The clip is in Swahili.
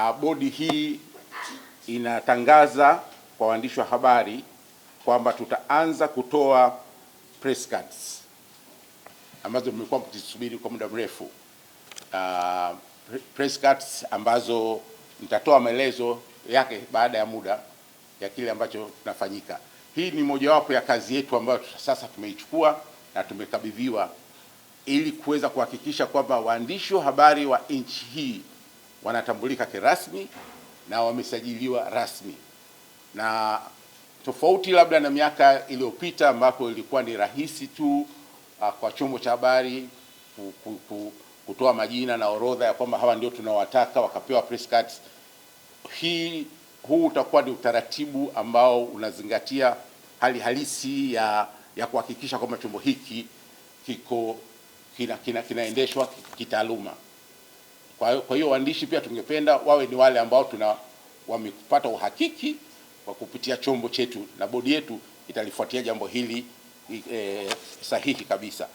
Ah, bodi hii inatangaza kwa waandishi wa habari kwamba tutaanza kutoa press cards ambazo mmekuwa mkisubiri kwa muda mrefu. Uh, press cards ambazo nitatoa maelezo yake baada ya muda ya kile ambacho tunafanyika. Hii ni mojawapo ya kazi yetu ambayo sasa tumeichukua na tumekabidhiwa ili kuweza kuhakikisha kwamba waandishi wa habari wa nchi hii wanatambulika kirasmi na wamesajiliwa rasmi, na tofauti labda na miaka iliyopita ambapo ilikuwa ni rahisi tu uh, kwa chombo cha habari kutoa majina na orodha ya kwamba hawa ndio tunawataka wakapewa press cards. Hii huu utakuwa ni utaratibu ambao unazingatia hali halisi ya, ya kuhakikisha kwamba chombo hiki kiko kinaendeshwa kina, kina kitaaluma. Kwa hiyo waandishi pia tungependa wawe ni wale ambao tuna wamepata uhakiki kwa kupitia chombo chetu na bodi yetu italifuatia jambo hili eh, sahihi kabisa.